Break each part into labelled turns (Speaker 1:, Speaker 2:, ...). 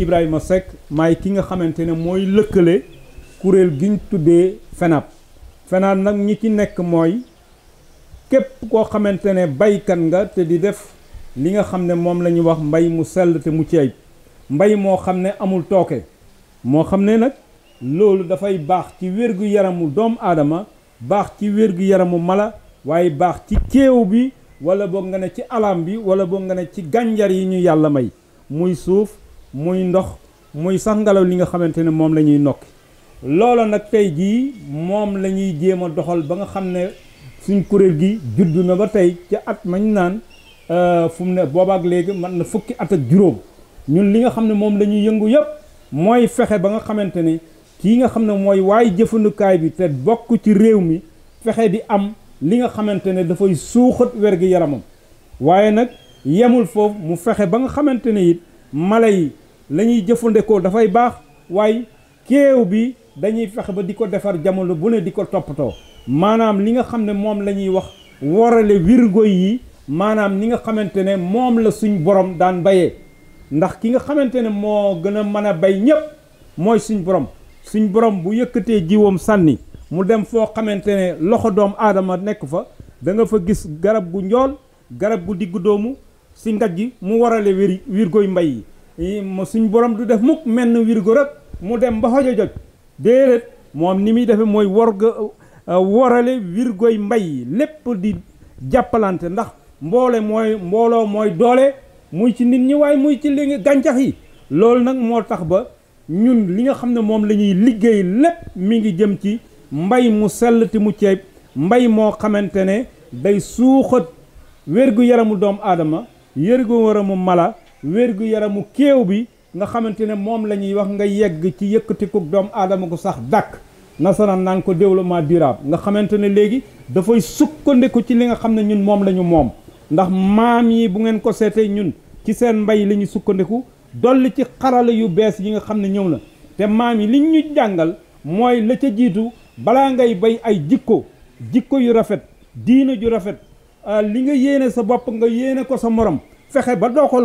Speaker 1: Ibrahima Seck may ki nga xamante ne mooy lëkkale kuréel gi ñu tuddee FENAB FENAB nag ñi ki nekk mooy képp koo xamante ne baykat nga te di def li nga xam ne moom la ñuy wax mbay mu sell te mu ci mbay moo xam ne amul tooke moo xam ne nag loolu dafay baax ci wér-gu-yaramu doomu aadama baax ci wér-gu-yaramu mala waaye baax ci kéew bi wala boog nga ne ci alam bi wala boog nga ne ci gànjar yi ñu yàlla may muy suuf muy ndox muy sax ngelaw li nga xamante ne moom la ñuy nokki looloo nag tey jii moom la ñuy jéem a doxal ba nga xam ne suñ kuréel gi juddu na ba tey ca at mañ naan euh, fu mu ne boobaak léegi mën na fukki at ak juróom ñun li nga xam ne moom lañuy yëngu yëpp mooy fexe ba nga xamante ne kii nga xam ne mooy waaye jëfandukaay bi te bokk ci réew mi fexe di am li nga xamante ne dafay suuxat wér yaramam waaye nag yemul foofu mu fexe ba nga xamante ne it mala yi lañuy ñuy jëfandikoo dafay baax waaye kéew bi dañuy fexe ba di ko defar jamono bu ne di ko toppatoo maanaam li nga xam ne moom la ñuy wax warale wirgo yi maanaam ni nga xamante ne moom la suñ borom daan bayee ndax ki nga xamante ne moo gën a mën a bay ñépp mooy suñ borom suñ borom bu yëkkatee jiwam sànni mu dem foo xamante ne loxo doom aadama nekk fa da nga fa gis garab gu njool garab gu diggu doomu si ngat gi mu warale wir wirgoy mbay yi mu suñ borom du def mukk menn wirgo rek mu dem ba xojo joj déedéet moom ni muy defee mooy warga worale wirgoy mbay lépp di jàppalante ndax mboole mooy mbooloo mooy doole muy ci nit ñi waaye muy ci li gàncax yi loolu nag moo tax ba ñun li nga xam ne moom la ñuy liggéey lépp mi ngi jëm ci mbay mu sell te mu ceeb mbay moo xamante ne day suuxat wérgu yaramu doomu aadama wérgu yaramu mala wér-gu-yaramu kéew bi nga xamante ne moom la ñuy wax nga yegg ci yëkkatiku doom aadama ko sax dàkk nasaraan naan ko développement durable nga xamante ne léegi dafay sukkandiku ci li nga xam ne ñun moom lañu moom ndax maam yi bu ngeen ko seetee ñun ci seen mbay la ñuy sukkandiku dolli ci xarala yu bees yi nga xam ne ñëw na te maam yi li ñuy jàngal mooy la ca jiitu balaa ngay bay ay jikko jikko yu rafet diina ju rafet euh, li nga yéene sa bopp nga yéene ko sa morom fexe ba doo ko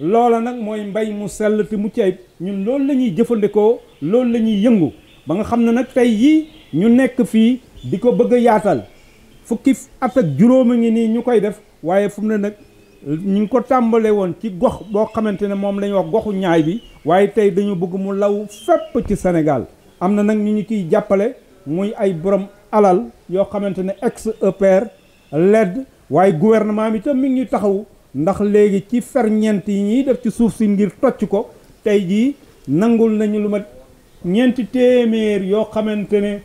Speaker 1: loola nag mooy mbay mu sell te mu ayib ñun loolu la ñuy jëfandikoo loolu la ñuy yëngu ba nga xam ne nag tey yii ñu nekk fii di ko bëgg yaatal fukki at ak juróom a ngi nii ñu koy def waaye fu mu ne nag ñu ngi ko tàmbalee woon ci gox boo xamante ne moom la wax goxu ñaay bi waaye tey dañu bëgg mu law fépp ci Sénégal am na nag ñu ñu kiy jàppale muy ay borom alal yoo xamante ne ex EPR led waaye gouvernement bi tam mi ngi ñuy ndax léegi ci ferñeent yi ñuy def ci suuf si ngir tocc ko tey jii nangul nañu lu ma ñeenti téeméer yoo xamante ne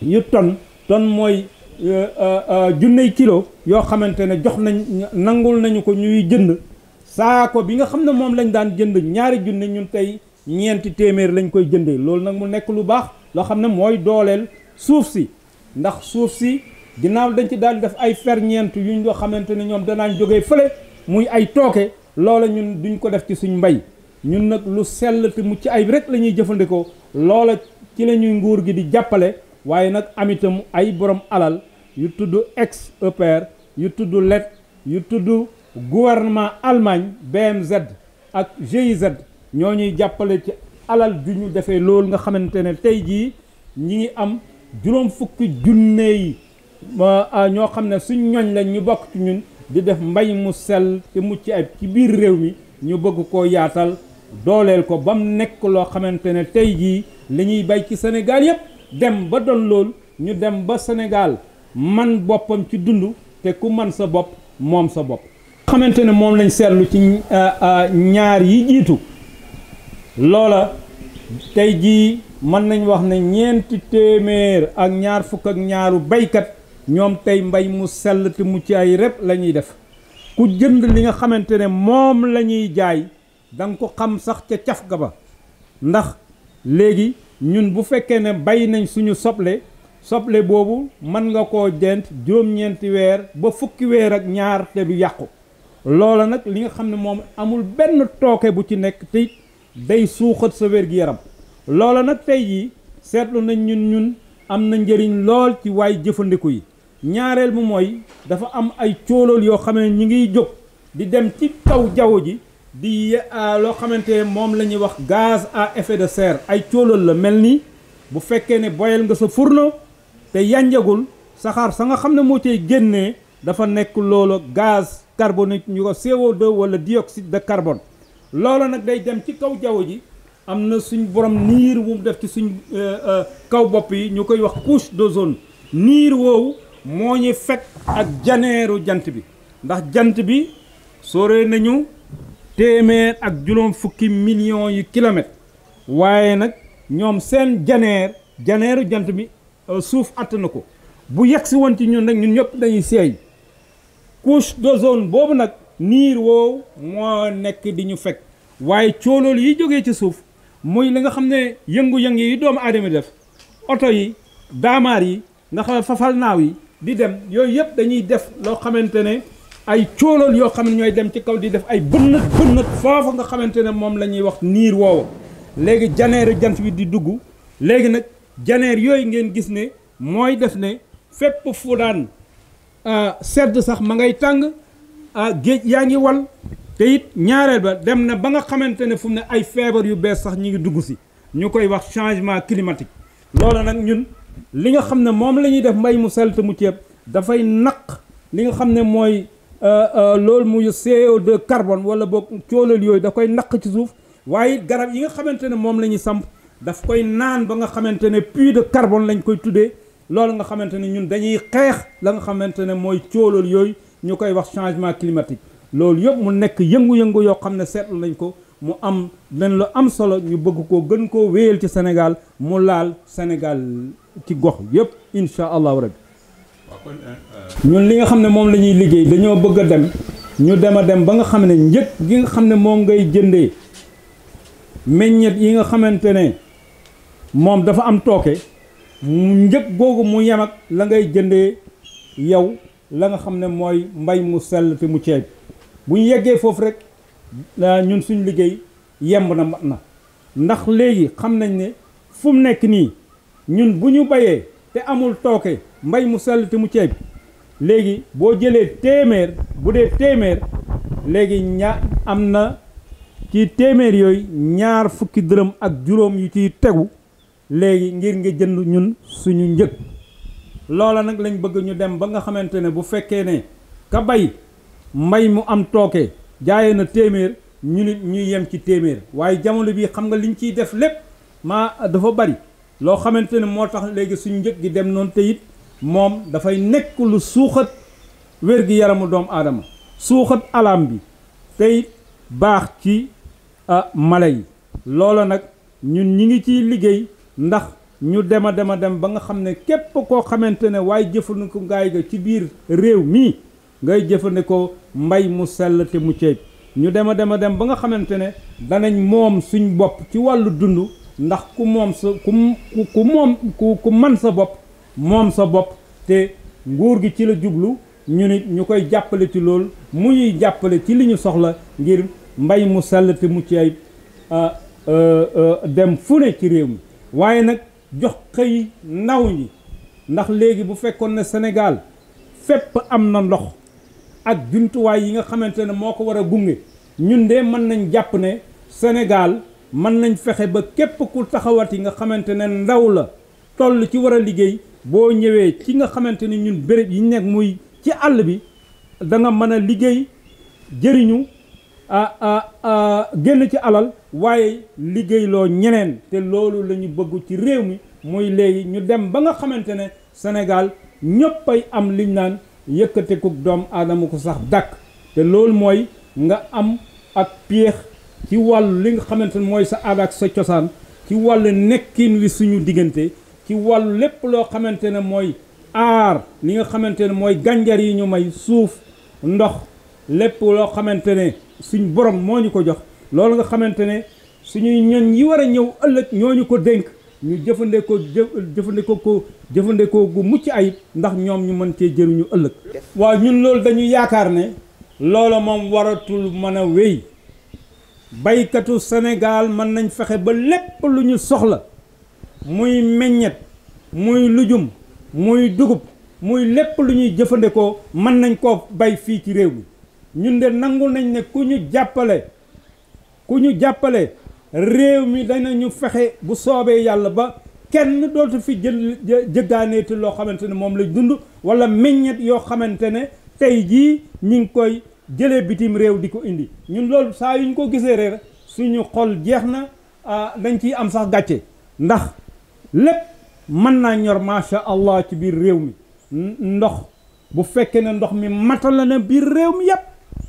Speaker 1: yu ton ton mooy euh, euh, euh, junney kilo yoo xamante ne jox nañ nangul nañu ko ñuy jënd saako bi nga xam ne moom lañ daan jënd ñaari junne ñun tey ñeenti téeméer lañ koy jëndee loolu nag mu nekk lu baax loo xam ne mooy dooleel suuf si ndax suuf si ginnaaw dañ ci daan def ay ferñeent yuñ nga xamante ne ñoom danaañ jógee fële muy ay tooke loola ñun duñ ko def ci suñ mbay ñun nag lu sell te mucc ay rek la ñuy jëfandikoo loola ci la ñuy nguur gi di jàppale waaye nag am itam ay borom alal yu tudd ex EPR yu tudd let yu tudd gouvernement Allemagne BMZ ak GIZ ñoo ñuy jàppale ci alal ju ñu defee loolu nga xamante ne tey jii ñi ngi am juróom fukki junne yi Ah, ñoo xam ne suñ ñooñ lañ ñu bokk ci ñun di def mbay mu sel te mucc ab ci biir réew mi ñu bëgg koo yaatal dooleel ko ba mu nekk loo xamante ne tey jii li ñuy bay ci Sénégal yépp dem ba doon loolu ñu dem ba senegaal man boppam ci dund te ku man sa bopp moom sa bopp xamante ne moom lañ seetlu ci ah, ah, ñaar yi jiitu loola tey jii mën nañ wax ne ñeenti téeméer ak ñaar fukk ak ñaaru baykat ñoom tey mbay mu sell te mucc ay rep la def ku jënd li nga xamante ne moom lañuy jaay danga ko xam sax ca caf ga ba ndax léegi ñun bu fekkee ne bay nañ suñu soble soble boobu mën nga ko jent juróom-ñeenti weer ba fukki weer ak ñaar te du yàqu loola nag li nga xam ne moom amul benn tooke bu ci nekk te day suuxat sa wér-gi-yaram loola nag tey yi seetlu nañ ñun ñun am na njëriñ lool ci waay jëfandiku yi ñaareel mu mooy dafa am ay cóolool yoo xam ne ñi ngiy jóg di dem ci kaw jaww ji di euh, loo xamante moom la ñuy wax gaz à effet de serre ay cóolool la mel ni bu fekkee ne boyal nga sa furno te yanjagul saxaar sa nga xam ne moo ci génnee dafa nekk loolu gaz carbonique ñu ko CO2 wala dioxyde de carbone loolu nag day dem ci kaw jaww ji am na suñ borom niir wu mu def ci suñ euh, euh, kaw bopp yi ñu koy wax couche d'ozone niir woowu moo ñu fekk ak janeeru jant bi ndax jant bi sore nañu téeméer ak juróom fukki millions yi kilomètres waaye nag ñoom seen janeer janeeru jant bi euh, suuf àtt na ko bu yegg si woon ci ñun nag ñun ñëpp dañuy seey couche d'ozone boobu nag niir woow moo nekk di ñu fekk waaye coolool yi jógee ci suuf mooy li nga xam ne yëngu-yëngu yi doomu aadama def oto yi daamaar yi nga xam fafal yi di dem yooyu yëpp dañuy def loo xamante ne ay cóolóol yoo xam ne ñooy dem ci kaw di def ay bënnat bënnat foofu nga xamante ne moom la ñuy wax niir woowu léegi janeer jant bi di dugg léegi nag janeer yooyu ngeen gis ne mooy def ne fépp fu daan euh, sedd sax ma ngay tàng euh, géej yaa ngi wal te it ñaareel ba dem na ba nga xamante ne fu ne ay feebar yu bees sax ñu ngi dugg si ñu koy wax changement climatique loolu nag ñun li nga xam ne moom la ñuy def mbay mu selt mu ceeb dafay naq li nga xam ne mooy euh, euh, loolu muy CO2 carbone wala boog coolal yooyu da koy naq ci suuf waaye garab yi nga xamante ne moom la ñuy samp daf koy naan ba nga xamante ne puits de carbone lañ koy tuddee loolu nga xamante ne ñun dañuy xeex la nga xamante ne mooy coolal yooyu ñu koy wax changement climatique loolu yëpp mu nekk yëngu-yëngu yoo xam ne seetlu nañ ko mu am len lu am solo ñu bëgg koo gën koo wéyal ci Sénégal mu laal Sénégal ci gox yëpp incha allahu rabbi euh, euh, ñun li nga xam ne moom la ñuy liggéey dañoo bëgg a dem ñu dem a dem ba nga xam ne njëpp gi nga xam ne moom ngay jënde meññet yi nga xamante ne moom dafa am tooke njëg googu mu yem la ngay jëndee yow la nga xam ne mooy mbay mu sell te mu ceeb bu ñu yeggee foofu rek ñun suñu liggéey yemb na mat na ndax léegi xam nañ ne fu mu nekk nii ñun bu ñu bayee te amul tooke mbay mu sell te mu ceeb léegi boo jëlee téeméer bu dee téeméer léegi ña am na ci téeméer yooyu ñaar fukki dërëm ak juróom yu ciy tegu léegi ngir ngi jënd ñun suñu njëg loola nag lañ bëgg ñu dem ba nga xamante ne bu fekkee ne ka bay mbay mu am tooke jaayee na téeméer ñu nit ñu yem ci téeméer waaye jamono bii xam nga liñ ciy def lépp maa dafa bari loo xamante ne moo tax léegi suñu njëg gi dem noonu te it moom dafay nekk lu suuxat wér gi yaramu doomu aadama suuxat alaam bi tey baax ci mala yi loola nag ñun ñi ngi ciy liggéey ndax ñu dema dema dem ba nga xam ne képp koo xamante ne waaye jëfandiku ngaay ga ci biir réew mii ngay jëfandikoo mbay mu sell te mu ceeb ñu dem a dem a dem ba nga xamante ne danañ moom suñ bopp ci wàllu dund ndax ku moom sa ku moom ku man sa bopp moom sa bopp te nguur gi ci la jublu ñu nit ñu koy jàppale ci loolu mu ñuy jàppale ci li ñu soxla ngir mbay mu sell te mu ceeb dem fu ne ci réew mi waaye nag jox xëy ndaw yi ndax léegi bu fekkoon ne Sénégal fépp am na ndox ak jumtuwaay yi nga xamante ne moo ko war a gunge ñun de mën nañ jàpp ne Sénégal mën nañ fexe ba képp ku taxawat nga xamante ne ndaw la toll ci war a liggéey boo ñëwee ci nga xamante ni ñun béréb yi nekk muy ci àll bi da mën a liggéey jëriñu a génn ci alal waaye liggéeyloo ñeneen te loolu lañu bëggu ci réew mi muy léegi ñu dem ba nga xamante ne Sénégal ñëpp am liñ naan yëkkateku doomu aadama ko sax dàkk te loolu mooy nga am ak piyeex ci wàllu li nga xamante ne mooy sa aada ak sa cosaan ci wàllu nekkin wi suñu diggante ci wàllu lépp loo xamante ne mooy aar li nga xamante ne mooy gànjar yi ñu may suuf ndox lépp loo xamante ne suñu borom moo ñu ko jox loolu nga xamante ne suñuy ñoñ yi war a ñëw ëllëg ñoo ñu ko dénk ñu jëfandikoo jëfandikoo ko jëfandikoo gu mucc ayib ndax ñoom ñu mën cee jëriñu ëllëg waa ñun loolu dañu yaakaar ne loola moom waratul mën a wéy baykatu Sénégal mën nañ fexe ba lépp lu ñu soxla muy meññet muy lujum muy dugub muy lépp lu ñuy jëfandikoo mën nañ koo bay fii ci réew mi ñun de nangu nañ ne ku ñu jàppale ku ñu jàppale réew mi ñu fexe bu soobee yàlla ba kenn dootu fi jël jëggaaneeti loo xamante ne moom lañ dund walla meññeet yoo xamante ne tey jii ñu ngi koy jële bitim réew di ko indi ñun loolu saa yuñ ko gisee reer suñu xol jeex na ah, dañ ciy am sax gàcce ndax lépp mën naa ñor macha allah ci biir réew mi ndox bu fekkee ne ndox mi matal na biir réew mi yépp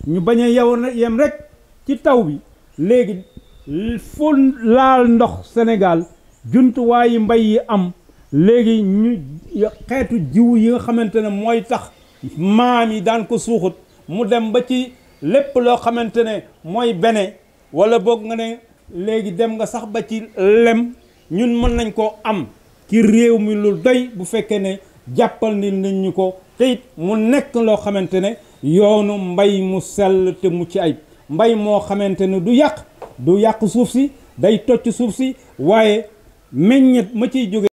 Speaker 1: ñu bañ a yow yem rek ci taw bi léegi fu laal ndox Sénégal jumtuwaayu mbay yi am léegi ñu xeetu jiw yi nga xamante ne mooy tax maam yi daan ko suuxut mu dem ba ci lépp loo xamante ne mooy bene wala boog nga ne léegi dem nga sax ba ci lem ñun mën nañ koo am ci réew mi lu doy bu fekkee ne jàppal ni nañ ñu ko te mu nekk loo xamante ne yoonu mbay mu sell te mu ci ay mbay moo xamante ne du yàq du yàq suuf si day tocc suuf si waaye meññet ma ciy jóge